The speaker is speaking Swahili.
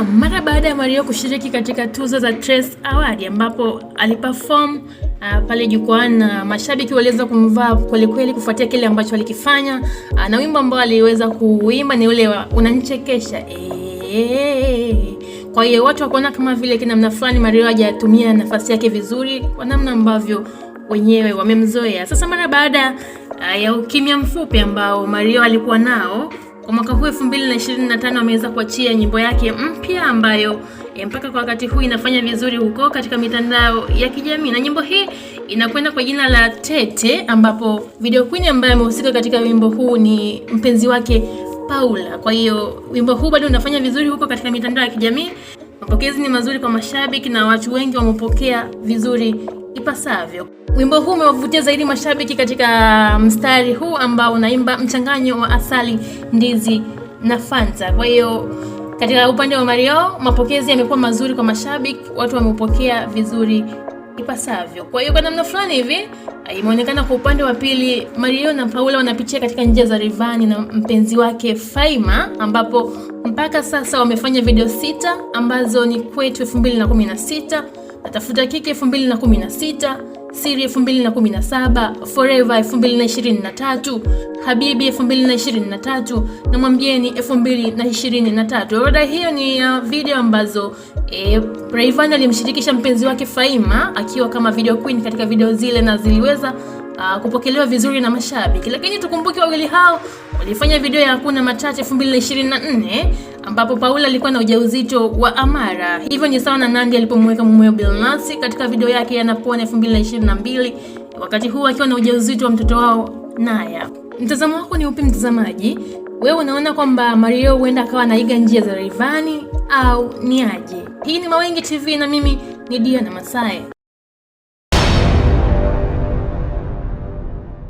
Naam, mara baada ya Mario kushiriki katika tuzo za Trace Award ambapo aliperform uh, pale jukwaani na mashabiki waliweza kumvaa kwelikweli kufuatia kile ambacho alikifanya uh, na wimbo ambao aliweza kuimba ni ule wa unanichekesha eee. Kwa hiyo watu wakaona kama vile kinamna fulani Mario hajatumia nafasi yake vizuri kwa namna ambavyo wenyewe wamemzoea. Sasa mara baada uh, ya ukimya mfupi ambao Mario alikuwa nao kwa mwaka huu 2025 ameweza kuachia nyimbo yake mpya ambayo e, mpaka kwa wakati huu inafanya vizuri huko katika mitandao ya kijamii, na nyimbo hii inakwenda kwa jina la Tete, ambapo video queen ambaye amehusika katika wimbo huu ni mpenzi wake Paula. Kwa hiyo wimbo huu bado unafanya vizuri huko katika mitandao ya kijamii. Mapokezi ni mazuri kwa mashabiki na watu wengi wamepokea vizuri ipasavyo. Wimbo huu umewavutia zaidi mashabiki katika um, mstari huu ambao unaimba mchanganyo wa asali, ndizi na Fanta. Kwa hiyo katika upande wa Marioo mapokezi yamekuwa mazuri kwa mashabiki, watu wameupokea vizuri ipasavyo. Kwa hiyo kwa namna fulani hivi ah, imeonekana kwa upande wa pili Marioo na Paula wanapitia katika njia za Rayvanny na mpenzi wake Faima, ambapo mpaka sasa wamefanya video sita ambazo ni kwetu 2016 Atafuta Kike 2016, Siri 2017, Forever 2023, Habibi 2023 na Mwambieni 2023. Orodha hiyo ni ya video ambazo e, eh, Rayvanny alimshirikisha mpenzi wake Faima akiwa kama video queen katika video zile na ziliweza Uh, kupokelewa vizuri na mashabiki, lakini tukumbuke wawili hao walifanya video ya hakuna machache 2024 ambapo Paula alikuwa na ujauzito wa Amara. Hivyo ni sawa na nandi alipomuweka mumewe Billnass katika video yake ya Napona 2022 wakati huu akiwa na ujauzito wa mtoto wao Naya. Mtazamo wako ni upi mtazamaji? Wewe unaona kwamba Mario huenda akawa anaiga njia za Rayvanny au ni aje? Hii ni Mawengi TV na mimi ni Diana Masai.